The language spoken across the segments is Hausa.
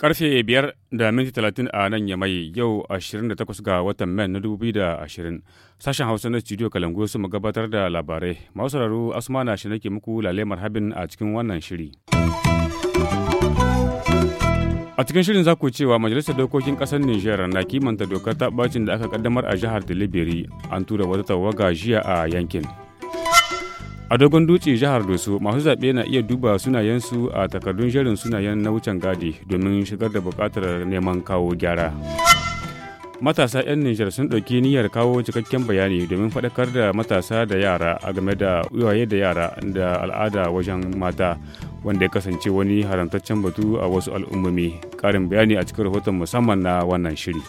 Karfe biyar da minti talatin a nan ya mai yau 28 ga watan Mai na 2020. Sashen Hausa na studio Kalangu su gabatar da labarai. Masu sauraro Asmana shi nake muku lalemar habin a cikin wannan shiri. A cikin shirin za ku cewa Majalisar Dokokin Ƙasar Nijar na kimanta dokar ta bacin da aka kaddamar a jihar Deliberi an tura wata tawaga jiya a yankin. A dogon dutse jihar Doso masu zaɓe na iya duba sunayensu a takardun jerin sunayen na wucin gadi domin shigar da buƙatar neman kawo gyara. matasa 'yan nijar sun ɗauki niyyar kawo cikakken bayani domin faɗakar da matasa da yara a game da uwaye da yara da al'ada wajen mata wanda ya kasance wani haramtaccen batu a wasu al'ummomi ƙarin bayani a cikin rahoton musamman na wannan shiri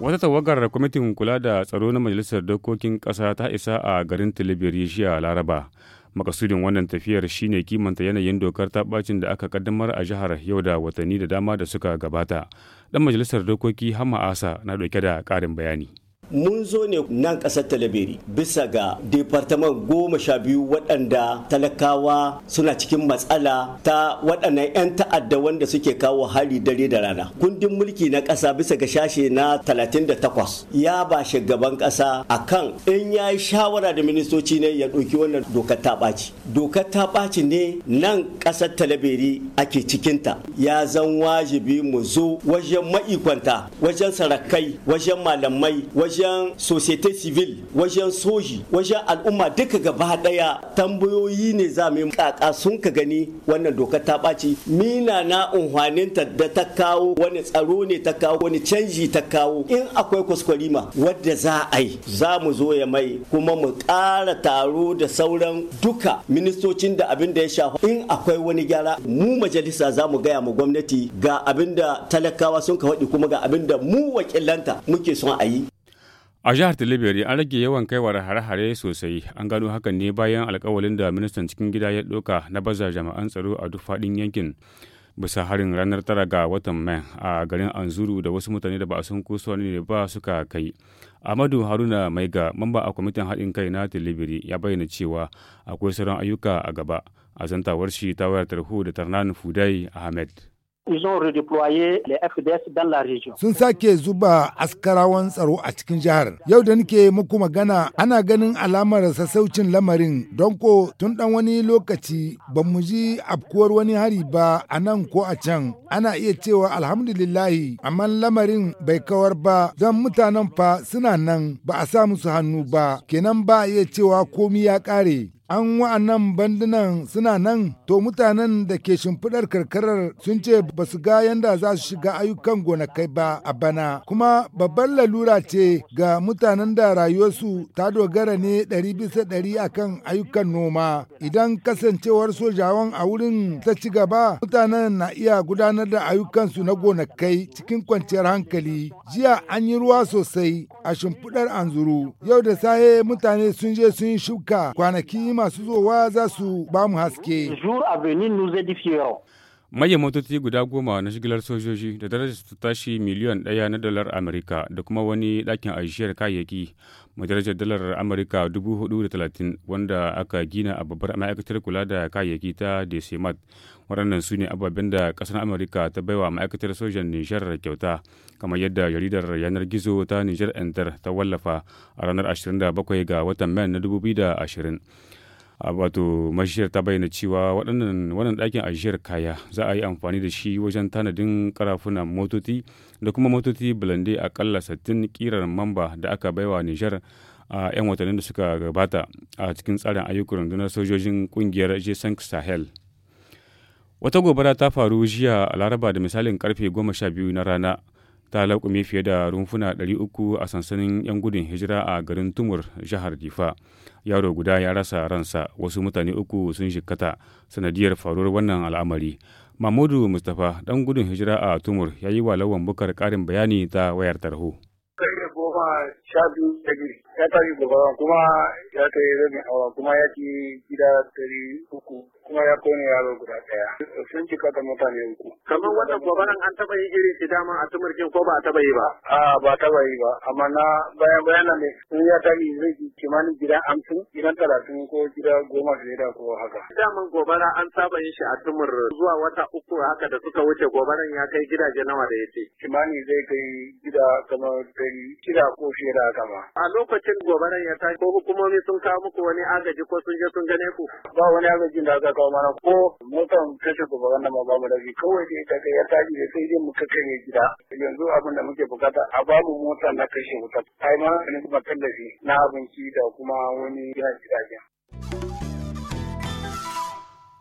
wata tawagar kwamitin kula da tsaro na majalisar dokokin ƙasa ta isa a garin tilibiri a laraba makasudin wannan tafiyar shine kimanta yanayin dokar ta bacin da aka kaddamar a jihar yau da watanni da dama da suka gabata dan majalisar dokoki hama asa na dauke da karin bayani mun zo ne nan ƙasar talaberi bisa ga departaman goma sha biyu waɗanda talakawa suna cikin matsala ta waɗannan 'yan ta'adda wanda suke kawo hali dare da rana kundin mulki na ƙasa bisa ga shashe na 38 ya ba gaban ƙasa a kan. in ya yi shawara da ministoci ne ya ɗauki wannan dokar ta ɓaci dokar ta ɓaci ne nan ƙasar talaberi ake cikinta ya zan wajibi mu zo wajen ma'ikwanta wajen sarakai wajen malamai wajen wajen societe civil wajen soji wajen al'umma duka gaba daya tambayoyi ne za mu kaka sun ka gani wannan doka ta ɓaci mina na unhwaninta da ta kawo wani tsaro ne ta kawo wani canji ta kawo in akwai kwaskwarima wadda za a yi za mu zo ya mai kuma mu ƙara taro da sauran duka ministocin da abin da ya shafa in akwai wani gyara mu majalisa za mu gaya mu gwamnati ga abin da talakawa sun ka faɗi kuma ga abin da mu wakilanta muke son a yi A jihar Tilibiri an rage yawan kaiwar hare-hare sosai, an gano hakan ne bayan alkawalin da ministan cikin gida ya ɗauka na baza jama'an tsaro a duk faɗin yankin. Bisa harin ranar tara ga watan Mai a garin Anzuru da wasu mutane da ba a san ko ne ba suka kai. Amadu Haruna Maiga, mamba a kwamitin haɗin kai na Tilibiri, ya bayyana cewa akwai sauran ayyuka a gaba. A zantawar shi ta wayar tarho da Tarnan Fudai Ahmed. ils ont redéployé les FDS dans la région. Sun sake zuba askarawan tsaro a cikin jihar. Yau da nake muku magana ana ganin alamar sassaucin lamarin don ko tun dan wani lokaci ba mu ji afkuwar wani hari ba a nan ko a can. Ana iya cewa alhamdulillahi amma lamarin bai kawar ba don mutanen fa suna nan ba a sa musu hannu ba kenan ba iya cewa komi ya kare. an wa'annan bandunan suna nan to mutanen da ke shimfiɗar karkarar sun ce ba su ga yanda za su shiga ayyukan gonakai ba a bana kuma babban lalura ce ga mutanen da rayuwarsu ta dogara ne ɗari bisa ɗari akan ayyukan noma idan kasancewar sojawan a wurin ta ci gaba mutanen na iya gudanar da ayyukansu na gonakai cikin kwanciyar hankali jiya an yi ruwa sosai a shimfiɗar anzuru yau da saye mutane sun je sun yi shuka kwanaki masu zowa za su ba mu haske. Maye motoci guda goma na shigilar sojoji da darajar su tashi miliyan ɗaya na dalar Amurka da kuma wani ɗakin ajiyar kayayyaki mai darajar dalar Amurka 430 wanda aka gina a babbar ma'aikatar kula da kayayyaki ta Desimat. Waɗannan su ne ababen da kasar Amurka ta baiwa ma'aikatar sojan Nijar kyauta kamar yadda jaridar yanar gizo ta Nijar Enter ta wallafa a ranar 27 ga watan Mayan na 2020. wato mashiyar ta bayyana cewa waɗannan wannan ɗakin ajiyar kaya za a yi amfani da shi wajen tanadin karafuna motoci da kuma motoci a akalla 60 kirar mamba da aka baiwa nijar a 'yan watannin da suka gabata a cikin tsarin ayyukan rundunar sojojin ƙungiyar jason sahel wata gobara ta faru jiya a laraba da misalin karfe 12 na rana ta laƙume fiye da rumfuna 300 a sansanin 'yan gudun hijira a garin Tumur, jihar Difa. Yaro guda ya rasa ransa, wasu mutane uku sun jikkata sanadiyar faruwar wannan al'amari. Mahmudu Mustapha, ɗan gudun hijira a Tumur, ya yi wa lawan bukar ƙarin bayani ta wayar tarho. ya tashi gaba kuma ya kai rabin awa kuma ya ci gida dari kuma ya kone yaro guda daya sun cika da mutane uku. kamar wannan gobaran an taba yi irin shi dama a tumurkin ko ba a taba yi ba. a ba taba yi ba amma na bayan bayan ne sun ya taɓa zai kimanin gida amsin gidan talatin ko gida goma fiye da ko haka. dama gobara an saba yin shi a tumur zuwa wata uku haka da suka wuce gobaran ya kai gidaje nawa da ya ce. kimanin zai kai gida kamar dari shida ko fiye da haka ma. a lokacin gobaran ya tashi ko hukumomi sun kawo muku wani agaji ko sun je sun gane ku. ba wani agajin da aka kawo mana ko motan kashe gobe bagan ma ba mu da kawai dai ta ya ta da sai dai mu ne gida yanzu abin da muke bukata a babu mota na kashe wuta kai ma ne kuma tallafi na abinci da kuma wani gina gidajen.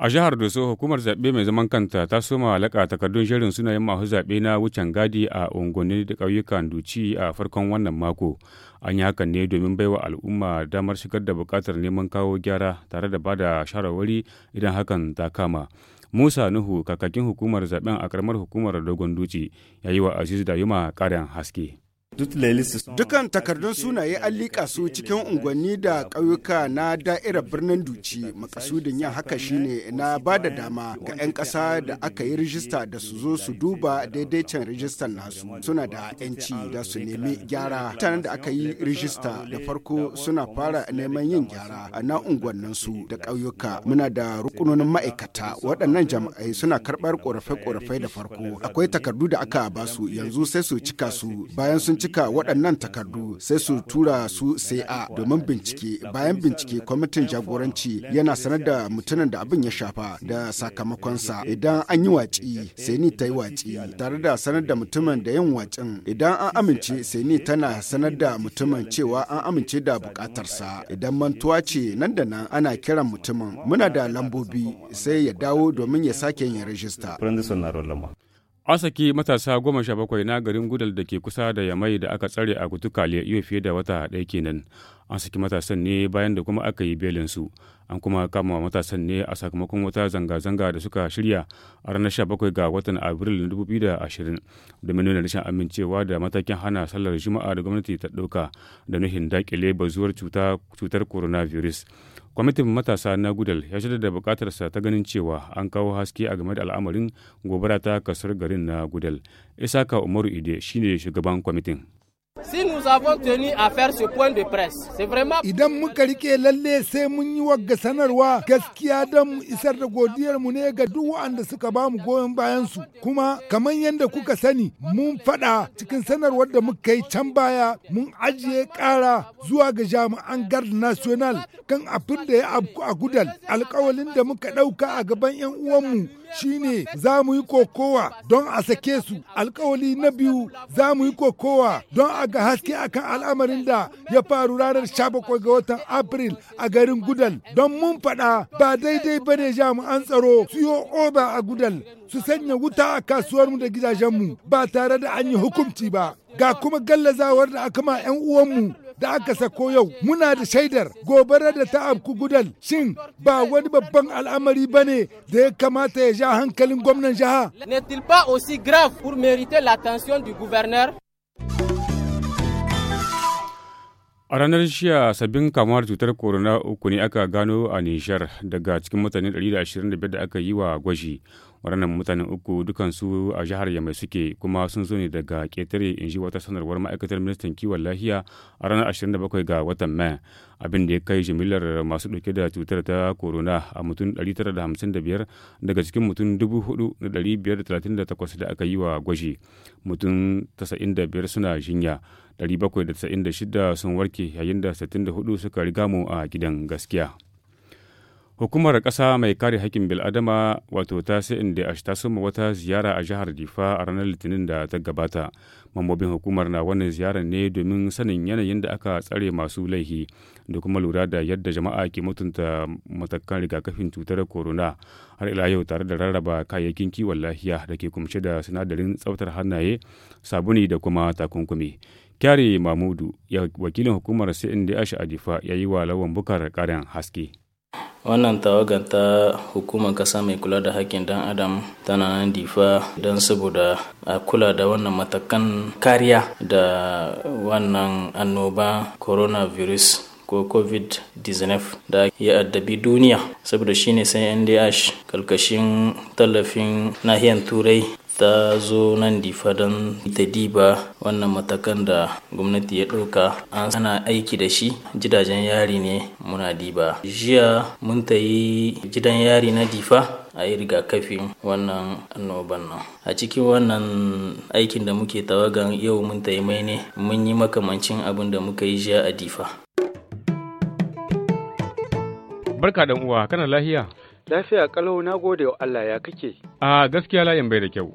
A jihar Doso hukumar zaɓe mai zaman kanta ta soma alaƙa takardun shirin sunayen masu zaɓe na wucin gadi a unguwanni da ƙauyukan Duci a farkon wannan mako. An yi hakan ne domin baiwa al'umma damar shigar da buƙatar neman kawo gyara tare da bada shawarwari idan hakan ta kama. Musa Nuhu kakakin hukumar zaɓen a ƙaramar hukumar Dogon Duci ya yi wa Aziz Dayuma ƙarin haske. Dukan takardun sunaye an liƙa su cikin unguwanni da ƙauyuka na da'irar birnin Duci makasudin yin haka shine na ba da dama ga 'yan ƙasa da aka yi rijista da su zo su duba daidaicin rijistar nasu suna da 'yanci da su nemi gyara. Mutanen da aka yi rijista da farko suna fara neman yin gyara a na unguwanninsu da ƙauyuka. Muna da rukunonin ma'aikata waɗannan jama'ai suna karɓar ƙorafe-ƙorafe da farko. Akwai takardu da aka ba su yanzu sai su cika su bayan sun cika cika waɗannan takardu sai su tura su sai a domin bincike bayan bincike kwamitin jagoranci yana sanar da mutumin da abin ya shafa da sakamakonsa idan an yi watsi sai ni ta yi watsi tare da sanar da mutumin da yin watsin idan an amince sai ni tana sanar da mutumin cewa an amince da bukatarsa idan mantuwa ce nan da nan ana kiran mutumin muna da lambobi sai ya dawo domin ya sake yin rajista. a saki matasa goma sha bakwai na garin gudal da ke kusa da yamai da aka tsare a kutukale iyo fiye da wata ɗaya kenan an saki matasan ne bayan da kuma aka yi belinsu an kuma kama matasan ne a sakamakon wata zanga-zanga da suka shirya a ranar 17 ga watan abril 2020 domin nuna rashin amincewa da matakin hana sallar juma'a da gwamnati ta ɗauka da nuhin dakile bazuwar cutar coronavirus kwamitin matasa na gudal ya shaida da bukatarsa ta ganin cewa an kawo haske a game da al'amarin gobara ta kasar garin na gudal isaka umaru ide shine shugaban kwamitin avons tenu à faire ce point de presse. Idan muka rike lalle sai mun yi wagga sanarwa gaskiya don isar da godiyar mu ne ga duk waɗanda suka ba mu goyon bayan su kuma kamar yadda kuka sani mun fada cikin sanarwar da muka yi can baya mun ajiye kara zuwa ga jami'an gard national kan abin da ya abu a gudal alkawalin da muka ɗauka a gaban 'yan uwanmu shine za mu yi kokowa don a sake su alkawali na biyu za mu yi kokowa don a ga haske akan al'amarin da ya faru ranar 17 ga watan April a garin Gudal don mun faɗa ba daidai ba ne jami'an tsaro su yi oba a Gudal su sanya wuta a kasuwar mu da gidajen mu. ba tare da an yi hukunci ba. Ga kuma gallazawar da aka ma 'yan uwan mu da aka sako yau muna da shaidar gobarar da ta afku gudal shin ba wani babban al'amari ba ne da ya kamata ya ja hankalin gwamnan jiha. aussi grave pour mériter A ranar shiya sabbin kamar cutar corona uku ne aka gano a Nijar daga cikin mutane 125 da aka yi wa gwaji. Waɗannan mutane uku dukansu a jihar Yamai suke kuma sun zo ne daga ƙetare in ji wata sanarwar ma'aikatar ministan kiwon lafiya a ranar 27 ga watan Mai. Abin da ya kai jimillar masu ɗauke da cutar ta corona a mutum 955 daga cikin mutum 4,538 da aka yi wa gwaji. Mutum 95 suna jinya. 796 sun warke yayin da 64 suka riga mu a gidan gaskiya. Hukumar ƙasa mai kare haƙƙin bil'adama wato ta inda ta suma wata ziyara a jihar Difa a ranar Litinin da ta gabata. Mambobin hukumar na wannan ziyarar ne domin sanin yanayin da aka tsare masu laihi da kuma lura da yadda jama'a ke mutunta matakan rigakafin cutar corona har ila yau tare da rarraba kayayyakin kiwon lafiya da ke kumshe da sinadarin tsaftar hannaye sabuni da kuma takunkumi. Kyare Mamudu, wakilin hukumar CNDH a Difa ya yi wa lawan bukar ƙarin haske. wannan tawagar ta hukumar kasa mai kula da hakkin dan adam tana nan difa don saboda a kula da wannan matakan kariya da wannan annoba coronavirus ko covid-19 da ya addabi duniya saboda shine sai ndh kalkashin tallafin nahiyar turai ta zo nan difa don ta diba wannan matakan da gwamnati ya ɗauka an ana aiki da shi gidajen yari ne muna diba jiya mun ta yi gidan yari na difa a yi rigakafin wannan annoban nan a cikin wannan aikin da muke tawagan yau mun ta yi mai ne mun yi makamancin abin da muka yi jiya a difa barka dan uwa kana lahiya lafiya kalau na gode wa Allah ya kake a gaskiya layin bai da kyau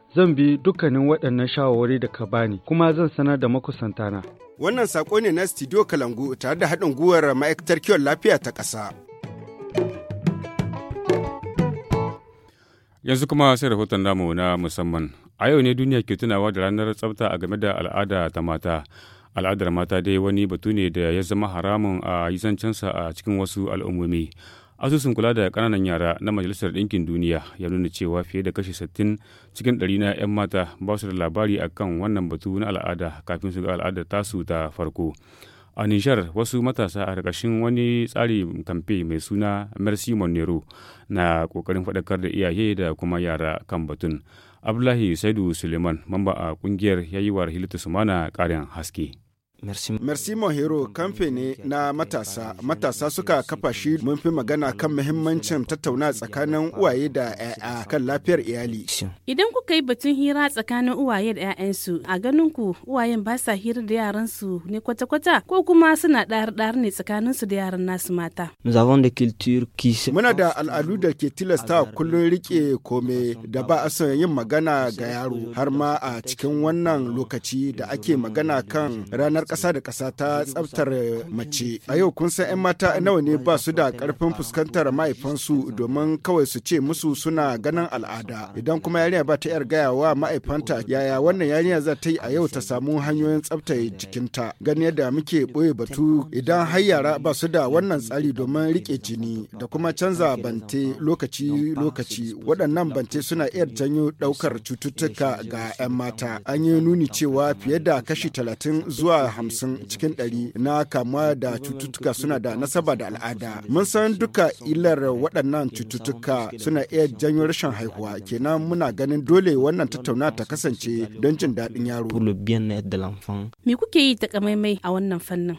zan bi dukkanin waɗannan shawarwari da ka bani kuma zan sanar da makusantana. Wannan saƙo ne na Studio Kalangu tare da haɗin gwiwar ma'aikatar kiwon lafiya ta ƙasa. Yanzu kuma sai rahoton namu na musamman. A yau ne duniya ke tunawa da ranar tsafta a game da al'ada ta mata. Al'adar mata dai wani batu ne da ya zama haramun a yi zancensa a cikin wasu al'ummomi. asusun kula da kananan yara na majalisar ɗinkin duniya ya nuna cewa fiye da kashi 60 cikin ɗari na 'yan mata ba su da labari a kan wannan batu na al'ada kafin su ga al'adar tasu ta farko a nishar wasu matasa a ƙarƙashin wani tsari kamfe mai suna mercy monero na ƙoƙarin faɗakar da iyaye da kuma yara kan batun abdullahi saidu suleiman mamba a ƙungiyar yayi wa rahilatu sumana ƙarin haske Merci Mohero kamfe na matasa, matasa suka kafa shi mun fi magana kan muhimmancin tattauna tsakanin uwaye da 'ya'ya kan lafiyar iyali. Idan kuka yi batun hira tsakanin uwaye da 'ya'yansu, a ganin ku uwayen ba sa hira da yaransu ne kwata-kwata ko kuma suna ɗari ɗar ne su da yaran nasu mata. Muna da al'adu da ke tilasta kullum rike kome da ba a son yin magana ga yaro har ma a cikin wannan lokaci da ake magana kan ranar kasa da kasa ta tsabtar mace. A yau kun san 'yan mata nawa ne ba su da karfin fuskantar mahaifansu domin kawai su ce musu suna ganin al'ada. Idan kuma yarinya ba ta yar gaya wa mahaifanta yaya wannan yarinya za ta yi a yau ta samu hanyoyin tsaftar jikinta. Gani yadda muke boye batu idan har yara ba su da wannan tsari domin rike jini da kuma canza bante lokaci-lokaci waɗannan bante suna iya janyo ɗaukar cututtuka ga 'yan mata. An yi nuni cewa fiye da kashi talatin zuwa hamsin cikin ɗari na kamuwa da cututtuka suna da nasaba da al'ada. Mun san duka ilar waɗannan cututtuka suna iya janyo rashin haihuwa kenan muna ganin dole wannan tattauna ta kasance don jin daɗin yaro. Me kuke yi takamaimai a wannan fannin?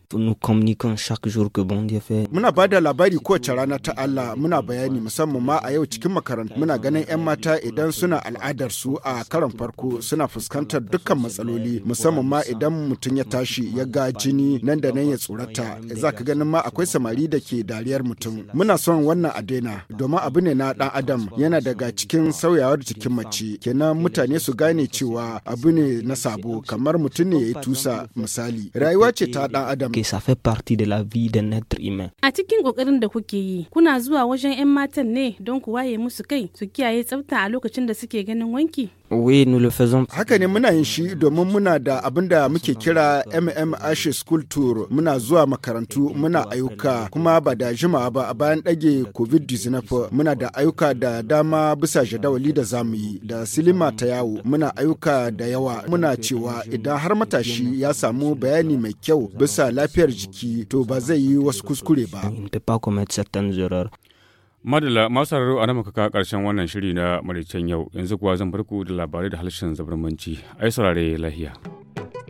Muna ba da labari kowace rana ta Allah muna bayani musamman ma a yau cikin makarantu muna ganin 'yan mata idan suna al'adar su a karon farko suna fuskantar dukkan matsaloli musamman ma idan mutum ya tashi ya ga jini nan da nan ya tsorata za ka ganin ma akwai samari da ke dariyar mutum muna son wannan a daina domin abu ne na dan adam yana daga cikin sauyawar jikin mace kenan mutane su gane cewa abu ne na sabo kamar mutum ne ya yi tusa misali rayuwa ce ta dan adam a cikin kokarin da kuke yi kuna zuwa wajen 'yan matan ne don ku waye musu kai su kiyaye tsafta a lokacin da suke ganin wanki Haka ne muna yin shi domin muna da abin da muke kira MMH School Tour muna zuwa makarantu muna ayyuka kuma ba da jimawa ba a bayan dage COVID-19 muna da ayyuka da dama bisa jadawali da zamu yi da silima ta yawo muna ayyuka da yawa muna cewa idan har matashi ya samu bayani mai kyau bisa lafiyar jiki to ba zai yi wasu kuskure ba. Madala masu sauraro a muka kaka karshen wannan shiri na maraicen yau yanzu kuwa zan farko da labarai da harshen zabarmanci ai saurare lahiya.